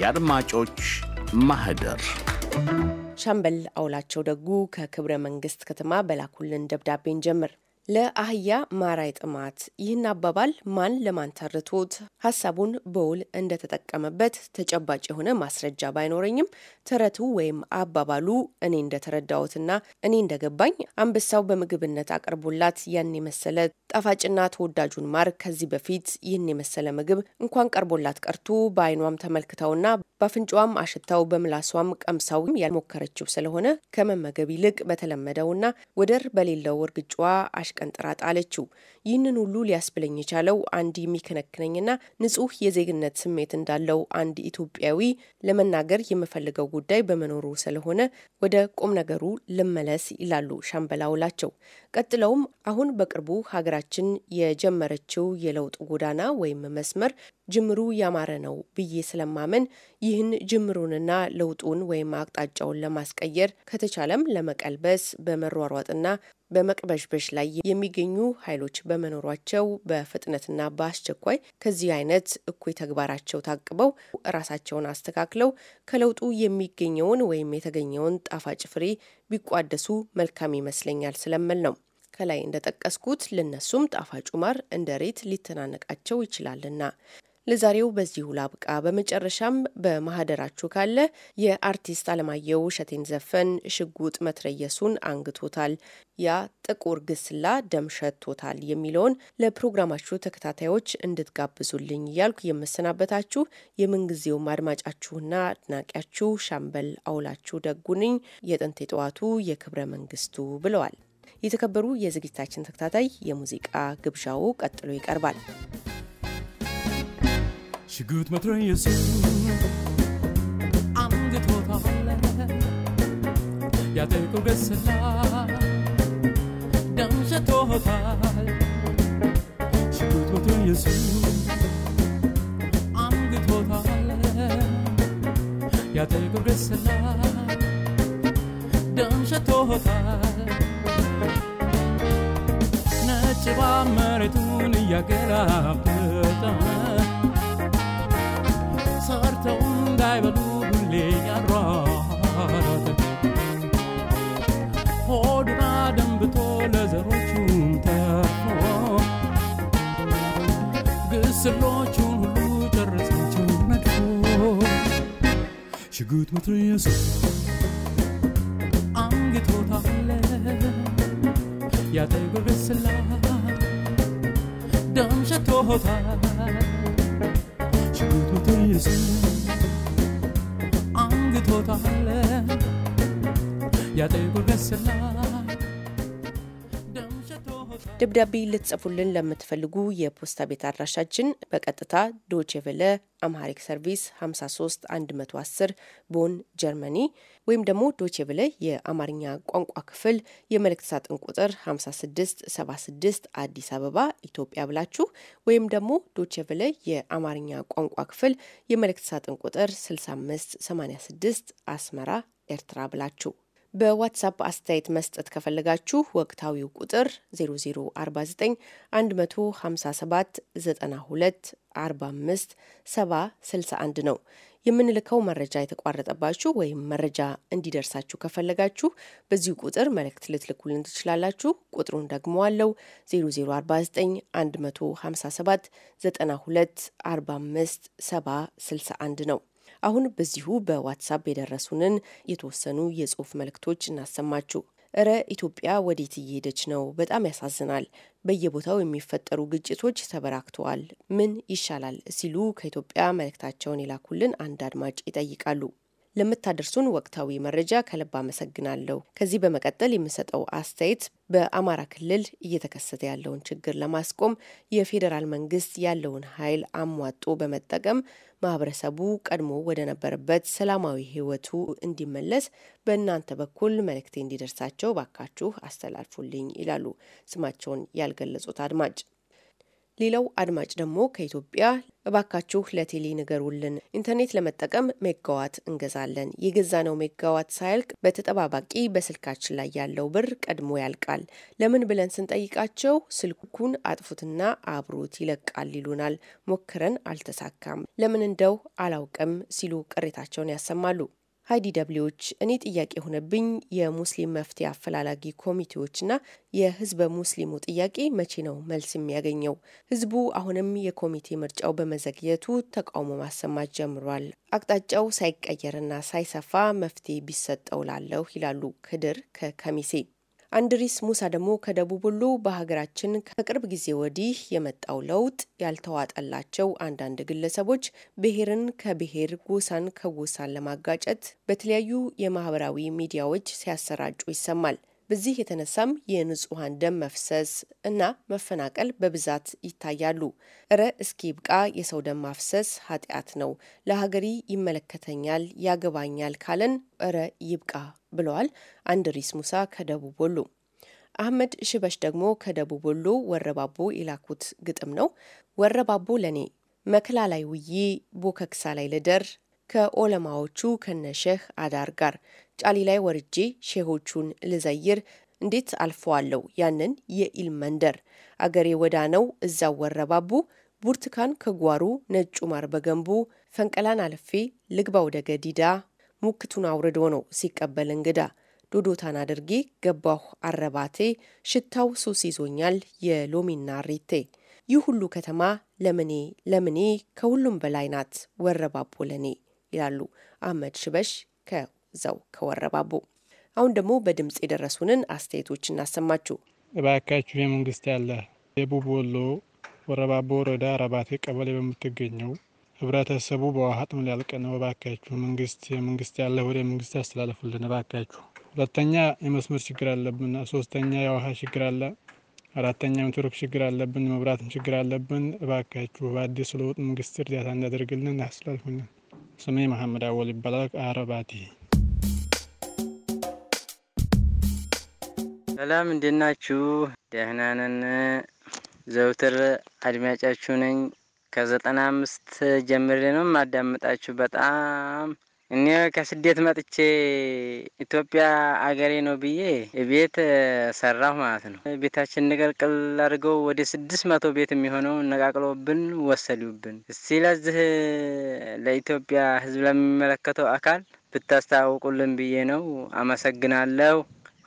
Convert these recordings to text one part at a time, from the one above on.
የአድማጮች ማህደር ሻምበል አውላቸው ደጉ ከክብረ መንግስት ከተማ በላኩልን ደብዳቤን ጀምር ለአህያ ማራይ ጥማት ይህን አባባል ማን ለማን ተርቶት ሀሳቡን በውል እንደተጠቀመበት ተጨባጭ የሆነ ማስረጃ ባይኖረኝም ተረቱ ወይም አባባሉ እኔ እንደተረዳሁትና እኔ እንደገባኝ አንበሳው በምግብነት አቅርቦላት ያን የመሰለ ጣፋጭና ተወዳጁን ማር ከዚህ በፊት ይህን የመሰለ ምግብ እንኳን ቀርቦላት ቀርቶ በአይኗም ተመልክተውና በአፍንጫዋም አሽታው በምላሷም ቀምሳው ያልሞከረችው ስለሆነ ከመመገብ ይልቅ በተለመደውና ወደር በሌለው እርግጫዋ ቀንጥራ ጣለችው። ይህንን ሁሉ ሊያስብለኝ የቻለው አንድ የሚከነክነኝና ንጹህ የዜግነት ስሜት እንዳለው አንድ ኢትዮጵያዊ ለመናገር የምፈልገው ጉዳይ በመኖሩ ስለሆነ ወደ ቁም ነገሩ ልመለስ ይላሉ ሻምበል ውላቸው። ቀጥለውም አሁን በቅርቡ ሀገራችን የጀመረችው የለውጥ ጎዳና ወይም መስመር ጅምሩ ያማረ ነው ብዬ ስለማመን ይህን ጅምሩንና ለውጡን ወይም አቅጣጫውን ለማስቀየር ከተቻለም ለመቀልበስ በመሯሯጥና በመቅበሽበሽ ላይ የሚገኙ ኃይሎች በመኖሯቸው በፍጥነትና በአስቸኳይ ከዚህ አይነት እኩይ ተግባራቸው ታቅበው ራሳቸውን አስተካክለው ከለውጡ የሚገኘውን ወይም የተገኘውን ጣፋጭ ፍሬ ቢቋደሱ መልካም ይመስለኛል ስለምል ነው። ከላይ እንደጠቀስኩት ለነሱም ጣፋጩ ማር እንደ ሬት ሊተናነቃቸው ይችላልና ለዛሬው በዚሁ ላብቃ። በመጨረሻም በማህደራችሁ ካለ የአርቲስት አለማየሁ እሸቴን ዘፈን ሽጉጥ መትረየሱን አንግቶታል፣ ያ ጥቁር ግስላ ደም ሸቶታል የሚለውን ለፕሮግራማችሁ ተከታታዮች እንድትጋብዙልኝ እያልኩ የምሰናበታችሁ የምንጊዜውም አድማጫችሁና አድናቂያችሁ ሻምበል አውላችሁ ደጉንኝ የጥንት የጠዋቱ የክብረ መንግስቱ ብለዋል። የተከበሩ የዝግጅታችን ተከታታይ የሙዚቃ ግብዣው ቀጥሎ ይቀርባል። Tjug ut med tröjesyn Andet åt hållet Jag tänker besla Dansa tåtal Tjug ut med tröjesyn Andet åt hållet Jag tänker besla Dansa tåtal ነጭ ባመሬቱን እያገላበጠ ሰርተው እንዳይበሉ ሁሌኝ አሯሯጠ ሆዱን አደንብቶ ለዘሮቹም ተርፎ ግስሎቹን ሁሉ ጨረሳቸው ነቅፎ ሽጉጥ ምትር ኢየሱስ አንግቶታል ያጠጉር ብስላ ደም ሸቶሆታል አንግቶታል ያጠቁር ገስላ ደብዳቤ ልትጽፉልን ለምትፈልጉ የፖስታ ቤት አድራሻችን በቀጥታ ዶቼቬለ አምሃሪክ ሰርቪስ 53 110 ቦን ጀርመኒ ወይም ደግሞ ዶቼቬለ የአማርኛ ቋንቋ ክፍል የመልእክት ሳጥን ቁጥር 56 76 አዲስ አበባ ኢትዮጵያ ብላችሁ ወይም ደግሞ ዶቼቬለ የአማርኛ ቋንቋ ክፍል የመልእክት ሳጥን ቁጥር 65 86 አስመራ ኤርትራ ብላችሁ በዋትሳፕ አስተያየት መስጠት ከፈለጋችሁ ወቅታዊው ቁጥር 0049 157 92 45 70 61 ነው። የምንልከው መረጃ የተቋረጠባችሁ ወይም መረጃ እንዲደርሳችሁ ከፈለጋችሁ በዚሁ ቁጥር መልእክት ልትልኩልን ትችላላችሁ። ቁጥሩን ደግሞ አለው 0049 157 92 45 70 61 ነው። አሁን በዚሁ በዋትሳፕ የደረሱንን የተወሰኑ የጽሁፍ መልእክቶች እናሰማችሁ። እረ ኢትዮጵያ ወዴት እየሄደች ነው? በጣም ያሳዝናል። በየቦታው የሚፈጠሩ ግጭቶች ተበራክተዋል። ምን ይሻላል ሲሉ ከኢትዮጵያ መልእክታቸውን የላኩልን አንድ አድማጭ ይጠይቃሉ። ለምታደርሱን ወቅታዊ መረጃ ከልብ አመሰግናለሁ። ከዚህ በመቀጠል የምሰጠው አስተያየት በአማራ ክልል እየተከሰተ ያለውን ችግር ለማስቆም የፌዴራል መንግስት ያለውን ኃይል አሟጦ በመጠቀም ማህበረሰቡ ቀድሞ ወደ ነበረበት ሰላማዊ ህይወቱ እንዲመለስ በእናንተ በኩል መልእክቴ እንዲደርሳቸው ባካችሁ አስተላልፉልኝ ይላሉ ስማቸውን ያልገለጹት አድማጭ። ሌላው አድማጭ ደግሞ ከኢትዮጵያ እባካችሁ ለቴሌ ንገሩልን፣ ኢንተርኔት ለመጠቀም ሜጋዋት እንገዛለን። የገዛነው ሜጋዋት ሳያልቅ በተጠባባቂ በስልካችን ላይ ያለው ብር ቀድሞ ያልቃል። ለምን ብለን ስንጠይቃቸው ስልኩን አጥፉትና አብሮት ይለቃል ይሉናል። ሞክረን አልተሳካም። ለምን እንደው አላውቅም ሲሉ ቅሬታቸውን ያሰማሉ። ሀይዲ ደብሊዎች እኔ ጥያቄ የሆነብኝ የሙስሊም መፍትሄ አፈላላጊ ኮሚቴዎችና የህዝበ ሙስሊሙ ጥያቄ መቼ ነው መልስ የሚያገኘው? ህዝቡ አሁንም የኮሚቴ ምርጫው በመዘግየቱ ተቃውሞ ማሰማት ጀምሯል። አቅጣጫው ሳይቀየርና ሳይሰፋ መፍትሄ ቢሰጠው ላለሁ ይላሉ ክድር ከከሚሴ አንድሪስ ሙሳ ደግሞ ከደቡብ ወሎ በሀገራችን ከቅርብ ጊዜ ወዲህ የመጣው ለውጥ ያልተዋጠላቸው አንዳንድ ግለሰቦች ብሔርን ከብሔር ጎሳን ከጎሳን ለማጋጨት በተለያዩ የማህበራዊ ሚዲያዎች ሲያሰራጩ ይሰማል። በዚህ የተነሳም የንጹሐን ደም መፍሰስ እና መፈናቀል በብዛት ይታያሉ። እረ እስኪ ይብቃ፣ የሰው ደም ማፍሰስ ኃጢአት ነው፣ ለሀገሪ ይመለከተኛል፣ ያገባኛል ካለን እረ ይብቃ ብለዋል አንድሪስ ሙሳ ከደቡብ ወሎ። አህመድ ሽበሽ ደግሞ ከደቡብ ወሎ ወረባቦ የላኩት ግጥም ነው። ወረባቦ ለኔ መክላ ላይ ውዬ ቦከክሳ ላይ ልደር ከኦለማዎቹ ከነሼህ አዳር ጋር ጫሊ ላይ ወርጄ ሼሆቹን ልዘይር እንዴት አልፈዋለሁ ያንን የኢል መንደር አገሬ ወዳ ነው እዛው ወረባቡ ቡርትካን ከጓሩ ነጩ ማር በገንቡ ፈንቀላን አልፌ ልግባ ወደ ገዲዳ ሙክቱን አውርዶ ነው ሲቀበል እንግዳ ዶዶታን አድርጌ ገባሁ አረባቴ ሽታው ሱስ ይዞኛል የሎሚና ሪቴ ይህ ሁሉ ከተማ ለምኔ ለምኔ ከሁሉም በላይ ናት ወረባቦ ለኔ ይላሉ አህመድ ሽበሽ ከዛው ከወረባቦ። አሁን ደግሞ በድምፅ የደረሱንን አስተያየቶች እናሰማችሁ። እባካችሁ የመንግስት ያለ የቡብ ወሎ ወረባቦ ወረዳ አረባቴ ቀበሌ በምትገኘው ህብረተሰቡ በውሃ ጥም ሊያልቅ ነው። እባካችሁ መንግስት የመንግስት ያለ ወደ መንግስት ያስተላለፉልን እባካችሁ። ሁለተኛ የመስመር ችግር አለብን። ሶስተኛ የውሃ ችግር አለ። አራተኛ ኔትወርክ ችግር አለብን። መብራትም ችግር አለብን። እባካችሁ በአዲስ ለውጥ መንግስት እርዳታ እንዳደርግልን ያስተላልፉልን። ስሜ መሐመድ አወል ይባላል። አረባቲ ሰላም፣ እንዴት ናችሁ? ደህና ነን። ዘውትር አድማጫችሁ ነኝ። ከዘጠና አምስት ጀምሬ ነው የማዳምጣችሁ። በጣም እኔ ከስደት መጥቼ ኢትዮጵያ አገሬ ነው ብዬ ቤት ሰራሁ ማለት ነው። ቤታችን ንቀልቅል አድርገው ወደ ስድስት መቶ ቤት የሚሆነው ነቃቅሎብን ወሰዱብን። ስለዚህ ለኢትዮጵያ ሕዝብ ለሚመለከተው አካል ብታስታውቁልን ብዬ ነው። አመሰግናለሁ።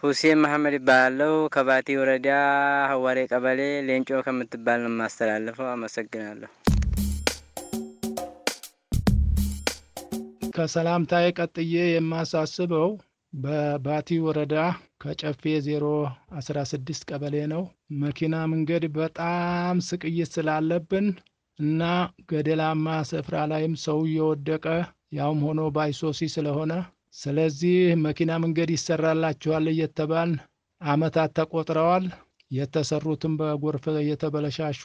ሁሴን መሐመድ ይባላለው ከባቲ ወረዳ ሀዋሬ ቀበሌ ሌንጮ ከምትባል ነው የማስተላልፈው። አመሰግናለሁ። ከሰላምታዬ ቀጥዬ የማሳስበው በባቲ ወረዳ ከጨፌ 016 ቀበሌ ነው። መኪና መንገድ በጣም ስቅይት ስላለብን እና ገደላማ ስፍራ ላይም ሰው እየወደቀ ያውም ሆኖ ባይሶሲ ስለሆነ ስለዚህ መኪና መንገድ ይሰራላችኋል እየተባል አመታት ተቆጥረዋል። የተሰሩትም በጎርፍ እየተበለሻሹ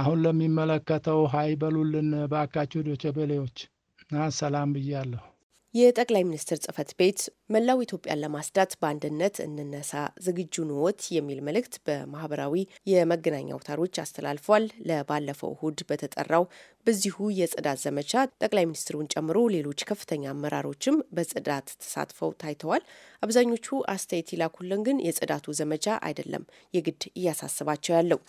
አሁን ለሚመለከተው ሀይ በሉልን ባካችሁ ዶቸቤሌዎች እና ሰላም ብያለሁ። የጠቅላይ ሚኒስትር ጽህፈት ቤት መላው ኢትዮጵያን ለማስዳት በአንድነት እንነሳ ዝግጁ ንወት የሚል መልእክት በማህበራዊ የመገናኛ አውታሮች አስተላልፏል። ለባለፈው እሁድ በተጠራው በዚሁ የጽዳት ዘመቻ ጠቅላይ ሚኒስትሩን ጨምሮ ሌሎች ከፍተኛ አመራሮችም በጽዳት ተሳትፈው ታይተዋል። አብዛኞቹ አስተያየት ይላኩልን ግን የጽዳቱ ዘመቻ አይደለም የግድ እያሳስባቸው ያለው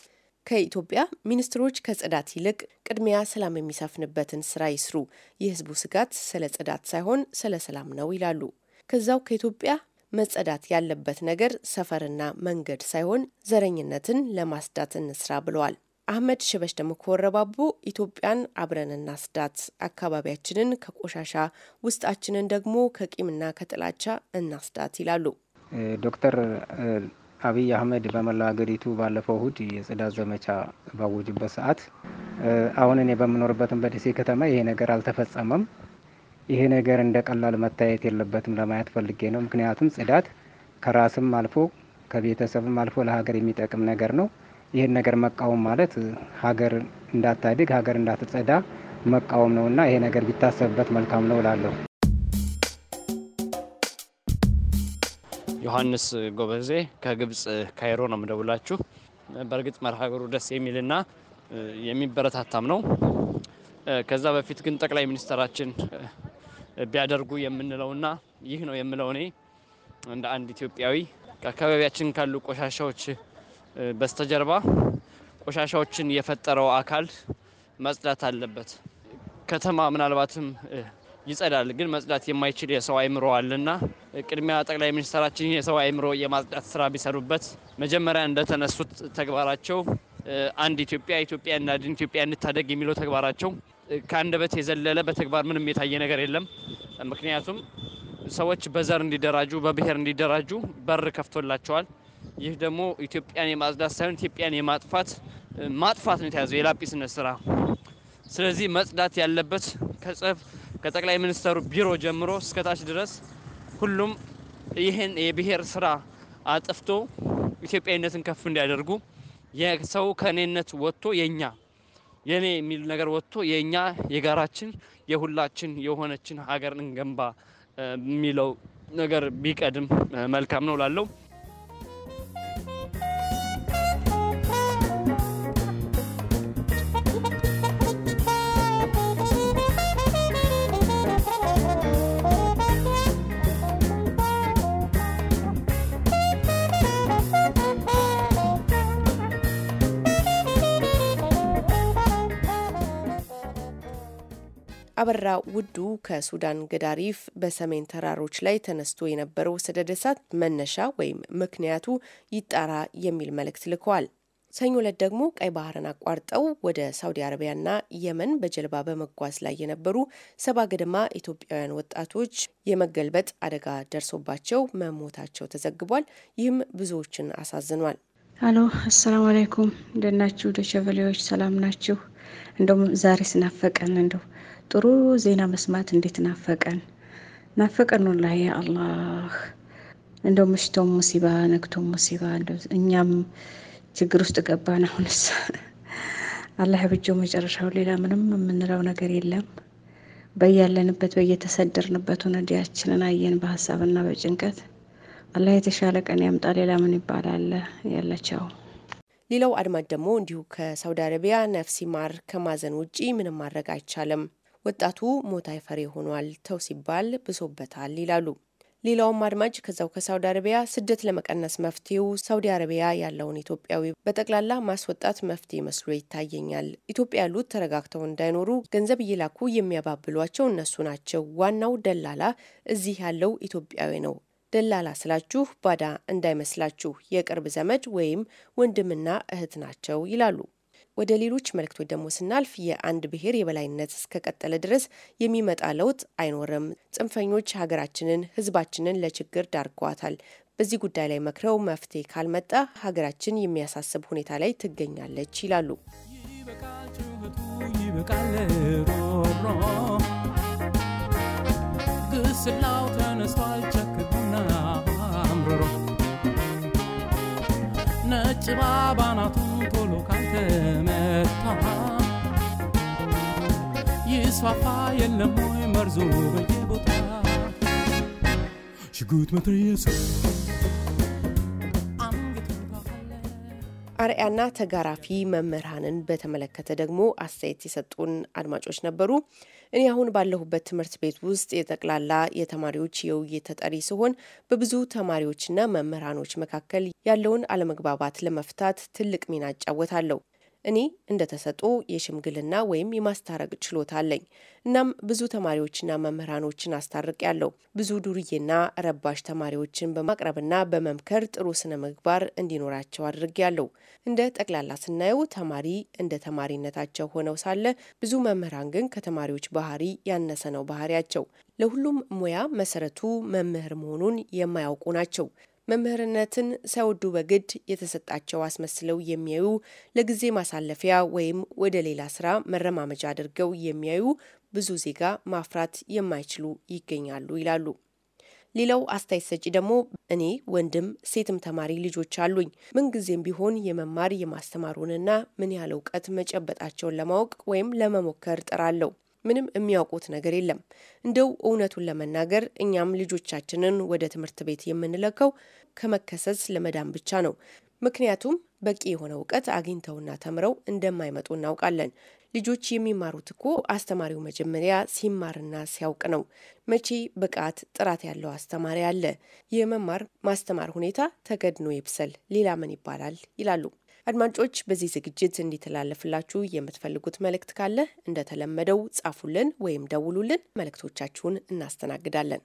ከኢትዮጵያ ሚኒስትሮች ከጽዳት ይልቅ ቅድሚያ ሰላም የሚሰፍንበትን ስራ ይስሩ፣ የህዝቡ ስጋት ስለ ጽዳት ሳይሆን ስለ ሰላም ነው ይላሉ። ከዛው ከኢትዮጵያ መጸዳት ያለበት ነገር ሰፈርና መንገድ ሳይሆን ዘረኝነትን ለማስዳት እንስራ ብለዋል። አህመድ ሽበሽ ደሞ ከወረባቡ ኢትዮጵያን አብረን እናስዳት፣ አካባቢያችንን ከቆሻሻ ውስጣችንን ደግሞ ከቂምና ከጥላቻ እናስዳት ይላሉ። ዶክተር አብይ አህመድ በመላ ሀገሪቱ ባለፈው እሁድ የጽዳት ዘመቻ ባወጁበት ሰዓት አሁን እኔ በምኖርበትም በደሴ ከተማ ይሄ ነገር አልተፈጸመም። ይሄ ነገር እንደ ቀላል መታየት የለበትም ለማየት ፈልጌ ነው። ምክንያቱም ጽዳት ከራስም አልፎ ከቤተሰብም አልፎ ለሀገር የሚጠቅም ነገር ነው። ይህን ነገር መቃወም ማለት ሀገር እንዳታድግ ሀገር እንዳትጸዳ መቃወም ነውና ይሄ ነገር ቢታሰብበት መልካም ነው እላለሁ። ዮሐንስ ጎበዜ ከግብጽ ካይሮ ነው ምደውላችሁ። በእርግጥ መርሃ ግብሩ ደስ የሚልና የሚበረታታም ነው። ከዛ በፊት ግን ጠቅላይ ሚኒስትራችን ቢያደርጉ የምንለውና ይህ ነው የምለው እኔ እንደ አንድ ኢትዮጵያዊ ከአካባቢያችን ካሉ ቆሻሻዎች በስተጀርባ ቆሻሻዎችን የፈጠረው አካል መጽዳት አለበት። ከተማ ምናልባትም ይጸዳል። ግን መጽዳት የማይችል የሰው አይምሮ አለና ቅድሚያ ጠቅላይ ሚኒስትራችን የሰው አይምሮ የማጽዳት ስራ ቢሰሩበት መጀመሪያ እንደተነሱት ተግባራቸው አንድ ኢትዮጵያ ኢትዮጵያ እናድን ኢትዮጵያ እንታደግ የሚለው ተግባራቸው ከአንደበት የዘለለ በተግባር ምንም የታየ ነገር የለም። ምክንያቱም ሰዎች በዘር እንዲደራጁ በብሔር እንዲደራጁ በር ከፍቶላቸዋል። ይህ ደግሞ ኢትዮጵያን የማጽዳት ሳይሆን ኢትዮጵያን የማጥፋት ማጥፋት ነው የተያዘው የላጲስነት ስራ። ስለዚህ መጽዳት ያለበት ከጽፍ ከጠቅላይ ሚኒስተሩ ቢሮ ጀምሮ እስከታች ድረስ ሁሉም ይህን የብሔር ስራ አጥፍቶ ኢትዮጵያዊነትን ከፍ እንዲያደርጉ የሰው ከኔነት ወጥቶ የኛ የኔ የሚል ነገር ወጥቶ የኛ የጋራችን የሁላችን የሆነችን ሀገር እንገንባ የሚለው ነገር ቢቀድም መልካም ነው ላለው አበራ ውዱ ከሱዳን ገዳሪፍ በሰሜን ተራሮች ላይ ተነስቶ የነበረው ሰደድ እሳት መነሻ ወይም ምክንያቱ ይጣራ የሚል መልእክት ልከዋል። ሰኞ ዕለት ደግሞ ቀይ ባህርን አቋርጠው ወደ ሳውዲ አረቢያና የመን በጀልባ በመጓዝ ላይ የነበሩ ሰባ ገደማ ኢትዮጵያውያን ወጣቶች የመገልበጥ አደጋ ደርሶባቸው መሞታቸው ተዘግቧል። ይህም ብዙዎችን አሳዝኗል። አሎ አሰላሙ አለይኩም እንደናችሁ ደሸቨሌዎች ሰላም ናችሁ? እንደውም ዛሬ ስናፈቀን እንደው ጥሩ ዜና መስማት እንዴት ናፈቀን ናፈቀን ወላሂ ያ አላህ። እንደው ምሽቶም ሙሲባ ነግቶም ሙሲባ እኛም ችግር ውስጥ ገባን። አሁንስ አላህ ብጆ መጨረሻው። ሌላ ምንም የምንለው ነገር የለም። በያለንበት በየተሰደርንበት ወነዲያችንን አየን በሀሳብና በጭንቀት። አላህ የተሻለ ቀን ያምጣ። ሌላ ምን ይባላል? ያለቸው ሌላው አድማጭ ደግሞ እንዲሁ ከሳውዲ አረቢያ ነፍሲ ማር ከማዘን ውጪ ምንም ማድረግ አይቻልም። ወጣቱ ሞታይ ፈሬ ሆኗል ተው ሲባል ብሶበታል ይላሉ። ሌላውም አድማጭ ከዛው ከሳውዲ አረቢያ ስደት ለመቀነስ መፍትሄው ሳውዲ አረቢያ ያለውን ኢትዮጵያዊ በጠቅላላ ማስወጣት መፍትሄ መስሎ ይታየኛል። ኢትዮጵያ ያሉት ተረጋግተው እንዳይኖሩ ገንዘብ እየላኩ የሚያባብሏቸው እነሱ ናቸው። ዋናው ደላላ እዚህ ያለው ኢትዮጵያዊ ነው። ደላላ ስላችሁ ባዳ እንዳይመስላችሁ፣ የቅርብ ዘመድ ወይም ወንድምና እህት ናቸው ይላሉ። ወደ ሌሎች መልእክቶች ደግሞ ስናልፍ የአንድ ብሔር የበላይነት እስከቀጠለ ድረስ የሚመጣ ለውጥ አይኖርም። ጽንፈኞች ሀገራችንን፣ ህዝባችንን ለችግር ዳርገዋታል። በዚህ ጉዳይ ላይ መክረው መፍትሄ ካልመጣ ሀገራችን የሚያሳስብ ሁኔታ ላይ ትገኛለች ይላሉ። ግስላው ነጭ ባባናቱ ቶሎ ካልተ ሲስፋፋ የለም ወይ በየቦታ ተጋራፊ መምህራንን በተመለከተ ደግሞ አስተያየት የሰጡን አድማጮች ነበሩ። እኔ አሁን ባለሁበት ትምህርት ቤት ውስጥ የጠቅላላ የተማሪዎች የውይይት ተጠሪ ሲሆን በብዙ ተማሪዎችና መምህራኖች መካከል ያለውን አለመግባባት ለመፍታት ትልቅ ሚና እጫወታለሁ። እኔ እንደ ተሰጦ የሽምግልና ወይም የማስታረቅ ችሎታ አለኝ። እናም ብዙ ተማሪዎችና መምህራኖችን አስታርቅ ያለው ብዙ ዱርዬና ረባሽ ተማሪዎችን በማቅረብና በመምከር ጥሩ ስነ ምግባር እንዲኖራቸው አድርግ ያለው። እንደ ጠቅላላ ስናየው ተማሪ እንደ ተማሪነታቸው ሆነው ሳለ ብዙ መምህራን ግን ከተማሪዎች ባህሪ ያነሰ ነው ባህሪያቸው። ለሁሉም ሙያ መሰረቱ መምህር መሆኑን የማያውቁ ናቸው። መምህርነትን ሳይወዱ በግድ የተሰጣቸው አስመስለው የሚያዩ ለጊዜ ማሳለፊያ ወይም ወደ ሌላ ስራ መረማመጃ አድርገው የሚያዩ ብዙ ዜጋ ማፍራት የማይችሉ ይገኛሉ ይላሉ። ሌላው አስተያየት ሰጪ ደግሞ እኔ ወንድም ሴትም ተማሪ ልጆች አሉኝ። ምንጊዜም ቢሆን የመማር የማስተማሩንና ምን ያህል እውቀት መጨበጣቸውን ለማወቅ ወይም ለመሞከር ጥራለሁ። ምንም የሚያውቁት ነገር የለም። እንደው እውነቱን ለመናገር እኛም ልጆቻችንን ወደ ትምህርት ቤት የምንለቀው ከመከሰስ ለመዳን ብቻ ነው። ምክንያቱም በቂ የሆነ እውቀት አግኝተውና ተምረው እንደማይመጡ እናውቃለን። ልጆች የሚማሩት እኮ አስተማሪው መጀመሪያ ሲማርና ሲያውቅ ነው። መቼ ብቃት፣ ጥራት ያለው አስተማሪ አለ? የመማር ማስተማር ሁኔታ ተገድኖ ይብሰል፣ ሌላ ምን ይባላል ይላሉ። አድማጮች፣ በዚህ ዝግጅት እንዲተላለፍላችሁ የምትፈልጉት መልእክት ካለ እንደተለመደው ጻፉልን ወይም ደውሉልን። መልእክቶቻችሁን እናስተናግዳለን።